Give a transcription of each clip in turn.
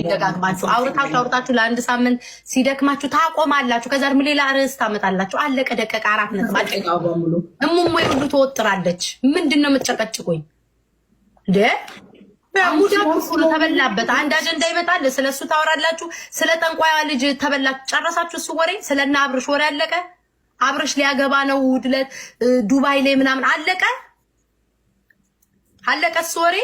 የሚደጋግማችሁ አውርታችሁ አውርታችሁ ለአንድ ሳምንት ሲደክማችሁ ታቆማላችሁ። ከዛ ደግሞ ሌላ ርዕስ ታመጣላችሁ። አለቀ ደቀቀ። አራት ነጥብ እሙሙ ሁሉ ትወጥራለች። ምንድን ነው የምትጨቀጭቁኝ? ሙዳሉ ተበላበት። አንድ አጀንዳ ይመጣል፣ ስለሱ ታወራላችሁ። ስለ ጠንቋያ ልጅ ተበላችሁ፣ ጨረሳችሁ። እሱ ወሬ ስለና አብርሽ ወሬ አለቀ። አብርሽ ሊያገባ ነው ውድለት ዱባይ ላይ ምናምን አለቀ፣ አለቀ እሱ ወሬ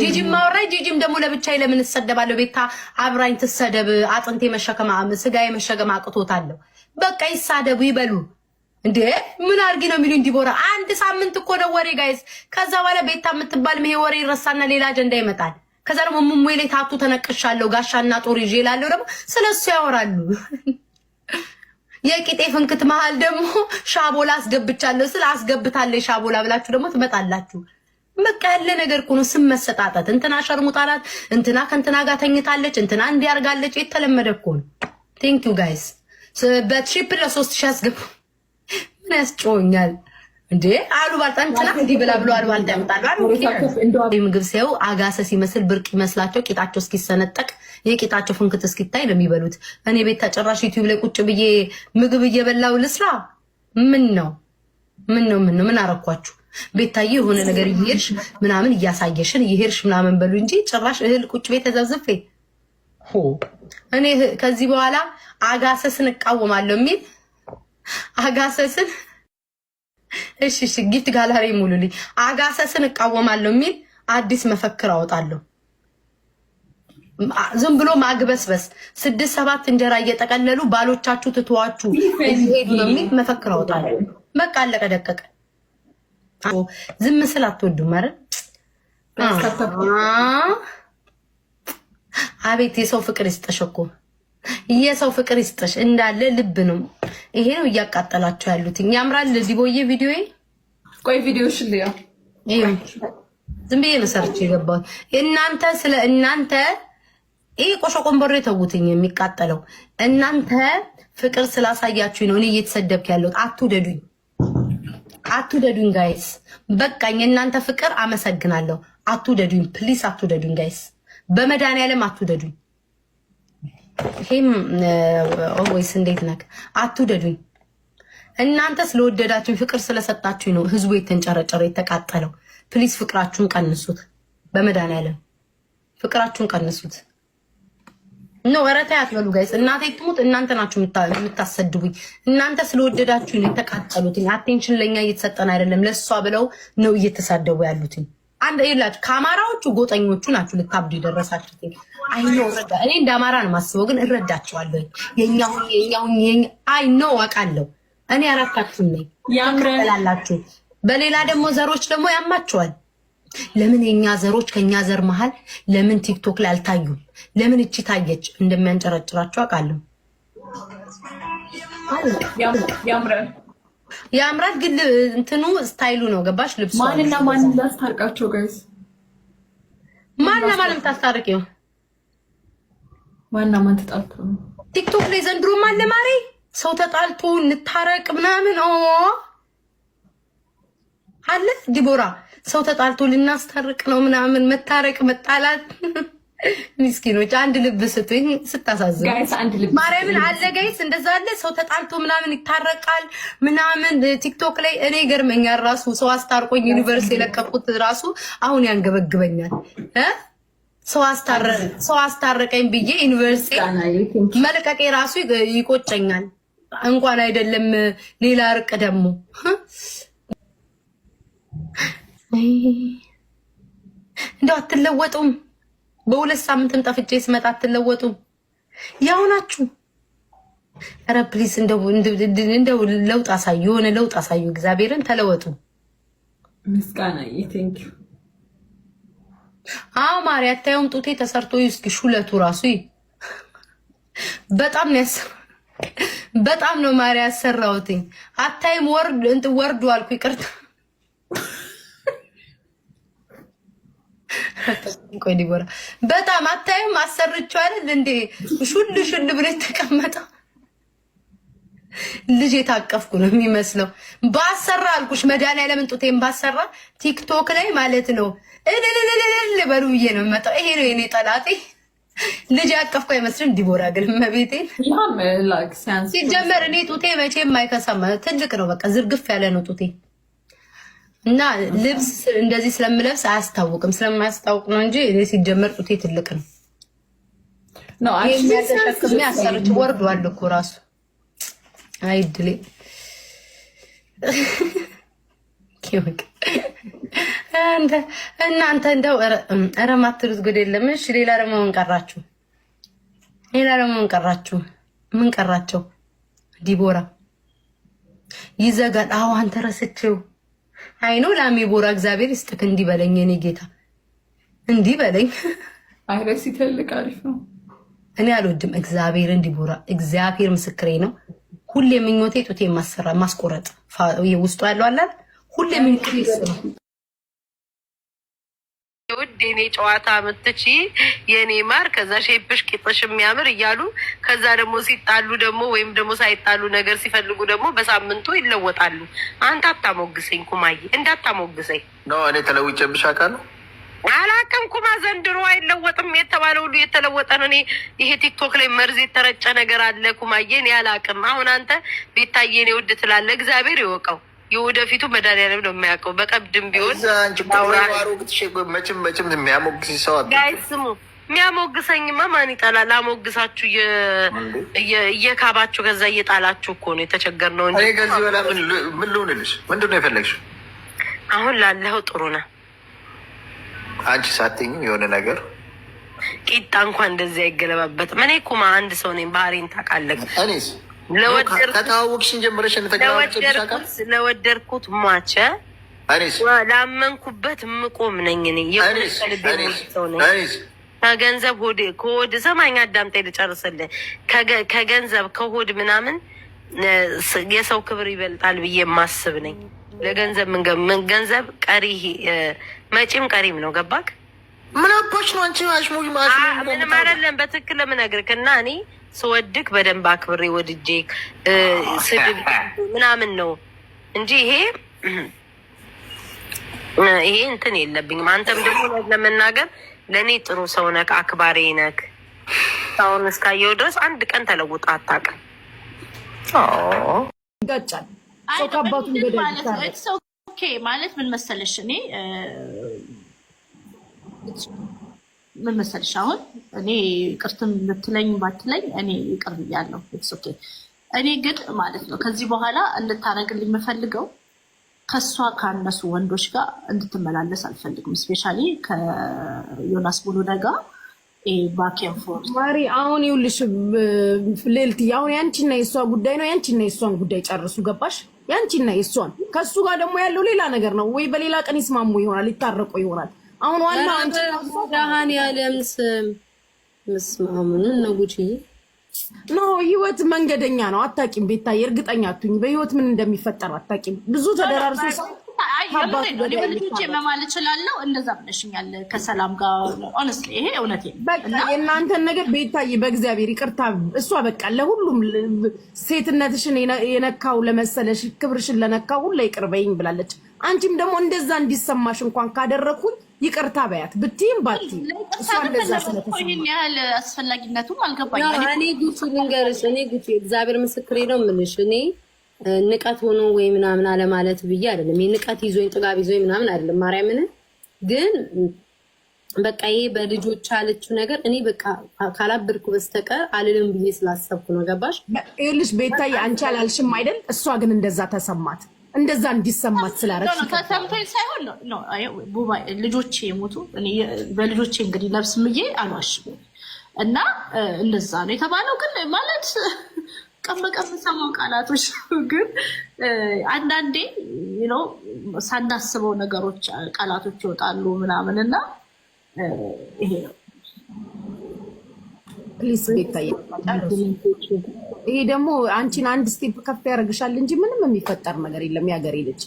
ጂጂም ማወራ ጂጂም ደግሞ ለብቻዬ ለምን እሰደባለሁ? ቤታ አብራኝ ትሰደብ። አጥንቴ መሸከም ስጋ የመሸከም አቅቶታለሁ። በቃ ይሳደቡ ይበሉ። እንዴ ምን አርጊ ነው የሚሉኝ? ዲቦራ አንድ ሳምንት እኮ ነው ወሬ ጋይስ። ከዛ በኋላ ቤታ የምትባል ይሄ ወሬ ይረሳና ሌላ አጀንዳ ይመጣል። ከዛ ደግሞ ሙሙ ላይ ታቱ ተነቅሻለሁ፣ ጋሻና ጦር ይዤ እላለሁ። ደግሞ ስለሱ ያወራሉ። የቂጤ ፍንክት መሀል ደግሞ ሻቦላ አስገብቻለሁ ስለ አስገብታለሁ ሻቦላ ብላችሁ ደግሞ ትመጣላችሁ። በቃ ያለ ነገር እኮ ነው። ስም መሰጣጣት እንትና ሸርሙጣላት፣ እንትና ከእንትና ጋር ተኝታለች፣ እንትና እንዲያርጋለች። የተለመደ እኮ ነው። ቴንክ ዩ ጋይስ። በትሪፕ ለሶስት ሺህ አስገቡ። ምን ያስጮኛል እንዴ? አሉባልታ እንትና እንዲህ ብላ ብሎ አሉባልታ ያመጣሉ። ምግብ ሲያዩ አጋሰ ሲመስል ብርቅ ይመስላቸው ቂጣቸው እስኪሰነጠቅ የቂጣቸው ፍንክት እስኪታይ ነው የሚበሉት። እኔ ቤት ተጨራሽ ዩቲዩብ ላይ ቁጭ ብዬ ምግብ እየበላው ልስራ? ምን ነው ምን ነው ምን ነው ምን አረኳችሁ? ቤታዬ የሆነ ነገር እየሄድሽ ምናምን እያሳየሽን እየሄድሽ ምናምን በሉ እንጂ ጭራሽ እህል ቁጭ ቤት ተዘብዝፌ እኔ ከዚህ በኋላ አጋሰስን እቃወማለሁ የሚል አጋሰስን እሺ፣ እሺ ጊፍት ጋላሪ ሙሉልኝ። አጋሰስን እቃወማለሁ የሚል አዲስ መፈክር አወጣለሁ። ዝም ብሎ ማግበስበስ ስድስት ሰባት እንጀራ እየጠቀለሉ ባሎቻችሁ ትተዋችሁ ሄዱ የሚል መፈክር አወጣለሁ። በቃ አለቀ ደቀቀ። ዝም ስል አትወዱም አይደል? አቤት የሰው ፍቅር ይስጠሽ እኮ የሰው ፍቅር ይስጠሽ። እንዳለ ልብ ነው። ይሄ ነው እያቃጠላቸው ያሉት። ያምራል። ቦዬ ቪዲዮ ቆይ ቪዲዮ ሽልያ ዝም ብዬ ነው ሰርቼ የገባሁት። እናንተ ስለ እናንተ ይህ ቆሾ ቆንበሮ የተውትኝ የሚቃጠለው እናንተ ፍቅር ስላሳያችሁ ነው እኔ እየተሰደብክ ያለሁት። አትውደዱኝ አትውደዱኝ ጋይስ፣ በቃኝ። የእናንተ ፍቅር አመሰግናለሁ። አትውደዱኝ ፕሊስ፣ አትውደዱኝ ጋይስ፣ በመድኃኒዓለም አትውደዱኝ። ይሄም ኦልዌይስ እንዴት ነህ? አትውደዱኝ። እናንተ ስለወደዳችሁኝ ፍቅር ስለሰጣችሁኝ ነው ህዝቡ የተንጨረጨረ የተቃጠለው። ፕሊስ፣ ፍቅራችሁን ቀንሱት። በመድኃኒዓለም ፍቅራችሁን ቀንሱት። ኖ ወረታ ያትበሉ ጋይስ፣ እናቴ ትሙት፣ እናንተ ናችሁ የምታሰድቡኝ። እናንተ ስለወደዳችሁ ነው የተቃጠሉትኝ። አቴንሽን ለእኛ እየተሰጠን አይደለም፣ ለእሷ ብለው ነው እየተሳደቡ ያሉትኝ። አንድ ይላችሁ ከአማራዎቹ ጎጠኞቹ ናችሁ ልታብዱ የደረሳችሁ። አይኖ እኔ እንደ አማራ ነው ማስበው፣ ግን እረዳችኋለሁ። የኛሁኝ አይ አይኖ አውቃለሁ። እኔ አራታችሁ ነኝ ያምላላችሁ። በሌላ ደግሞ ዘሮች ደግሞ ያማችኋል። ለምን የእኛ ዘሮች ከእኛ ዘር መሀል ለምን ቲክቶክ ላይ አልታዩም? ለምን እቺ ታየች? እንደሚያንጨረጭራቸው አውቃለሁ። የአምራት ግን እንትኑ ስታይሉ ነው። ገባሽ? ልብሱ ማንና ማን ላስታርቃቸው? ጋይስ ማንና ማን የምታስታርቅ ነው? ማንና ማን ተጣልቶ ቲክቶክ ላይ ዘንድሮ ለማሬ ሰው ተጣልቶ እንታረቅ ምናምን አለ ዲቦራ ሰው ተጣልቶ ልናስታርቅ ነው ምናምን መታረቅ መጣላት ሚስኪኖች አንድ ልብ ስትይ ስታሳዝን ማርያምን አለ ጋይስ እንደዛ አለ ሰው ተጣልቶ ምናምን ይታረቃል ምናምን ቲክቶክ ላይ እኔ ገርመኛል ራሱ ሰው አስታርቆኝ ዩኒቨርስ የለቀቁት ራሱ አሁን ያንገበግበኛል ሰው አስታረቀኝ ብዬ ዩኒቨርስ መልቀቄ ራሱ ይቆጨኛል እንኳን አይደለም ሌላ እርቅ ደግሞ እንደው አትለወጡም። በሁለት ሳምንትም ጠፍቼ ስመጣ አትለወጡም። ያው ናችሁ። ኧረ እንደው ለውጥ አሳዩ፣ የሆነ ለውጥ አሳዩ። እግዚአብሔርን ተለወጡ። ምስጋና ቴንኪዩ። አዎ ማርያ ታየውም ጡቴ ተሰርቶ እስኪ ሹለቱ ራሱ በጣም ነው ያሰ በጣም ነው ማርያ ያሰራውትኝ አታይም። ወርድ ወርዱ አልኩ ይቅርታ ቆይ ዲቦራ በጣም አታዩም? አሰርቼው አይደል እንዴ ሹል ሹል ብለ የተቀመጠው ልጅ የታቀፍኩ ነው የሚመስለው። ባሰራ አልኩሽ መድኃኒዓለም ጡቴን ባሰራ ቲክቶክ ላይ ማለት ነው እልልልልል በሉ ብዬ ነው የምመጣው። ይሄ ነው የኔ ጠላቴ። ልጅ ያቀፍኩ አይመስልም። ዲቦራ ግን መቤቴን ሲጀመር እኔ ጡቴ መቼም አይከሳም። ትልቅ ነው በቃ ዝርግፍ ያለ ነው ጡቴ እና ልብስ እንደዚህ ስለምለብስ አያስታውቅም። ስለማያስታውቅ ነው እንጂ እኔ ሲጀመር ጡቴ ትልቅ ነው ነው ተሸክሜ አሰርች እኮ ራሱ አይድሌ እናንተ እንደው ኧረ ማትሉት ጉድ የለም። እሺ ሌላ ደግሞ ምን ቀራችሁ? ሌላ ደግሞ ምን ቀራችሁ? ምን ቀራቸው? ዲቦራ ይዘጋል። አዎ አንተ ረስቼው አይኖ ላሜ ቦራ እግዚአብሔር ይስጥክ። እንዲህ በለኝ እኔ ጌታ እንዲህ በለኝ። አይረስ ይተልቅ አሪፍ ነው። እኔ አልወድም እግዚአብሔር እንዲህ ቦራ እግዚአብሔር ምስክሬ ነው። ሁሌ ምኞቴ ጡቴ ማሰራ ማስቆረጥ ውስጡ ያለው አላል ሁሌ ምኞቴ የኔ ጨዋታ ምትች የኔ ማር ከዛ ሼፕሽ ቂጥሽ የሚያምር እያሉ ከዛ ደግሞ ሲጣሉ ደግሞ ወይም ደግሞ ሳይጣሉ ነገር ሲፈልጉ ደግሞ በሳምንቱ ይለወጣሉ። አንተ አታሞግሰኝ ኩማዬ፣ እንዳታሞግሰኝ ነው። እኔ ተለውጬብሽ አውቃለሁ። አላቅም ኩማ፣ ዘንድሮ አይለወጥም የተባለ ሁሉ የተለወጠ ነው። እኔ ይሄ ቲክቶክ ላይ መርዝ የተረጨ ነገር አለ ኩማዬ፣ እኔ አላቅም። አሁን አንተ ቤታዬ፣ እኔ ውድ ትላለህ፣ እግዚአብሔር ይወቀው። የወደፊቱ መድኃኒዓለም ነው የሚያውቀው። በቀብድም ቢሆን መቼም መቼም ስሙ የሚያሞግሰኝማ ማን ይጠላል? አሞግሳችሁ እየካባችሁ ከዛ እየጣላችሁ እኮ ነው የተቸገርነው እንጂ ከዚህ በላይ ምን ልሆንልሽ? ምንድን ነው የፈለግሽው? አሁን ላለኸው ጥሩ ነህ አንቺ ሳትኝ የሆነ ነገር ቂጣ እንኳን እንደዚህ አይገለባበትም። እኔ እኮ አንድ ሰው ነኝ፣ ባህሪን ታውቃለህ። ከተዋወቅሽን ጀምረሽ ለወደድኩት ማቸ ላመንኩበት ምቆም ነኝ። ከገንዘብ ሆድ ከሆድ ሰማኝ፣ አዳምጤ ልጨርስልህ። ከገንዘብ ከሆድ ምናምን የሰው ክብር ይበልጣል ብዬ የማስብ ነኝ። ለገንዘብ ምን ገንዘብ ቀሪ መጪም ቀሪም ነው። ገባክ? ምን አባሽ ነው አንቺ? ምንም አይደለም። በትክክል ለምን እነግርህ እና እኔ ስወድክ በደንብ አክብሬ ወድጄ ስድብ ምናምን ነው እንጂ ይሄ ይሄ እንትን የለብኝም። አንተም ደግሞ ለመናገር ለእኔ ጥሩ ሰው ነክ አክባሪ ነክ አሁን እስካየው ድረስ አንድ ቀን ተለውጣ አታውቅም። ይጋጫል ማለት ምን መሰለሽ እኔ ምን መሰልሽ፣ አሁን እኔ ይቅርትም ልትለኝ ባትለኝ እኔ ይቅር ብያለሁ። ኦኬ። እኔ ግን ማለት ነው ከዚህ በኋላ እንድታረግልኝ የምፈልገው ከእሷ ካነሱ ወንዶች ጋር እንድትመላለስ አልፈልግም። እስፔሻሊ ከዮናስ ቦሎዳ ጋር ባኬንፎር ማሪ። አሁን ይኸውልሽ ልዕልት፣ አሁን ያንቺና የእሷ ጉዳይ ነው። ያንቺና የእሷን ጉዳይ ጨርሱ። ገባሽ? ያንቺና የእሷን ከእሱ ጋር ደግሞ ያለው ሌላ ነገር ነው። ወይ በሌላ ቀን ይስማሙ ይሆናል፣ ይታረቁ ይሆናል አሁን ዋና አንቺ ያለም ስም መስማሙን ነው ጉቺዬ ኖ ህይወት መንገደኛ ነው። አታቂም ቤታዬ፣ እርግጠኛ አትሁኝ። በህይወት ምን እንደሚፈጠር አታቂም። ብዙ ተደራርሶ ልጆች መማል እችላለሁ። እንደዛ ብለሽኛል። ከሰላም ጋር ይሄ የእናንተን ነገር ቤታዬ፣ በእግዚአብሔር ይቅርታ። እሷ በቃ ለሁሉም ሴትነትሽን የነካው ለመሰለሽ ክብርሽን ለነካው ሁላ ብላለች። አንቺም ደግሞ እንደዛ እንዲሰማሽ እንኳን ካደረግኩኝ ይቅርታ በያት ብትይም ባት ያህል አስፈላጊነቱም አልገባኝም። ጉቺ ልንገርሽ፣ እኔ ጉቺ እግዚአብሔር ምስክሬ ነው የምልሽ እኔ ንቀት ሆኖ ወይ ምናምን አለማለት ብዬ አይደለም። ንቀት ይዞኝ ጥጋብ ይዞኝ ምናምን አይደለም። ማርያምን ግን በቃ ይሄ በልጆች አለችው ነገር እኔ በቃ ካላበድኩ በስተቀር አልልም ብዬ ስላሰብኩ ነው። ገባሽ? ይኸውልሽ ቤታ አንቺ አላልሽም አይደል? እሷ ግን እንደዛ ተሰማት። እንደዛ እንዲሰማት ስላረግ ተሰምቶኝ ሳይሆን ልጆቼ የሞቱ በልጆቼ እንግዲህ ነብስ ምዬ አልዋሽም እና እንደዛ ነው የተባለው። ግን ማለት ቀን በቀን የምሰማው ቃላቶች ግን አንዳንዴ ነው ሳናስበው ነገሮች ቃላቶች ይወጣሉ ምናምን እና ይሄ ነው ይሄ ደግሞ አንቺን አንድ ስቴፕ ከፍ ያደርግሻል እንጂ ምንም የሚፈጠር ነገር የለም። ያገሬ ልጅ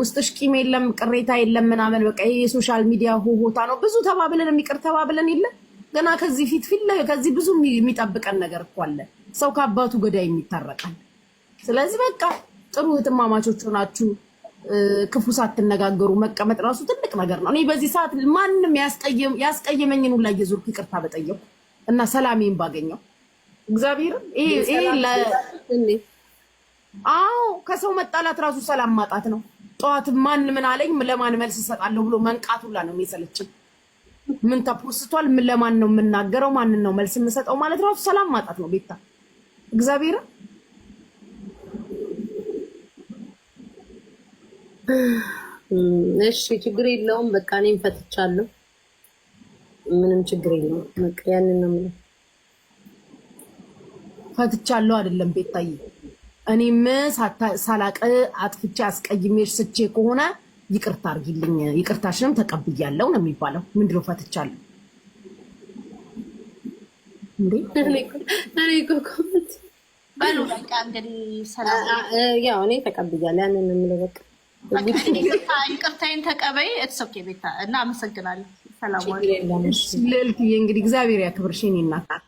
ውስጥሽ ቂም የለም፣ ቅሬታ የለም ምናምን በቃ ይሄ የሶሻል ሚዲያ ሆታ ነው። ብዙ ተባብለን የሚቀር ተባብለን የለ ገና ከዚህ ፊት ፊት ከዚህ ብዙ የሚጠብቀን ነገር እኮ አለ። ሰው ከአባቱ ገዳይ የሚታረቃል። ስለዚህ በቃ ጥሩ እህትማማቾች ሆናችሁ ክፉ ሳትነጋገሩ መቀመጥ ራሱ ትልቅ ነገር ነው። እኔ በዚህ ሰዓት ማንም ያስቀየመኝን ሁላ እየዞርኩ ይቅርታ በጠየቁ እና ሰላሜን ባገኘው እግዚአብሔርም ይሄ አዎ ከሰው መጣላት ራሱ ሰላም ማጣት ነው። ጠዋት ማን ምን አለኝ ለማን መልስ እሰጣለሁ ብሎ መንቃት ሁላ ነው የሚሰለችን። ምን ተፖስቷል፣ ምን ለማን ነው የምናገረው፣ ማንን ነው መልስ የምሰጠው ማለት ራሱ ሰላም ማጣት ነው። ቤታ እግዚአብሔር? እሺ ችግር የለውም በቃ እኔም ፈትቻለሁ። ምንም ችግር የለውም። በቃ ያንን ነው የምልህ ፈትቻለሁ አይደለም ቤታዬ፣ እኔም ሳላቅ አጥፍቼ አስቀይሜሽ ስቼ ከሆነ ይቅርታ አርጊልኝ፣ ይቅርታሽንም ተቀብያለሁ ነው የሚባለው። ምንድን ነው ፈትቻለሁ? እኔ ተቀብያለሁ ያንን የምለው በቃ ይቅርታዬን ተቀበይ። እትሶኬ ቤታ እና አመሰግናለሁ። ሰላም ልዕልትዬ፣ እንግዲህ እግዚአብሔር ያክብርሽ የእኔ እናት።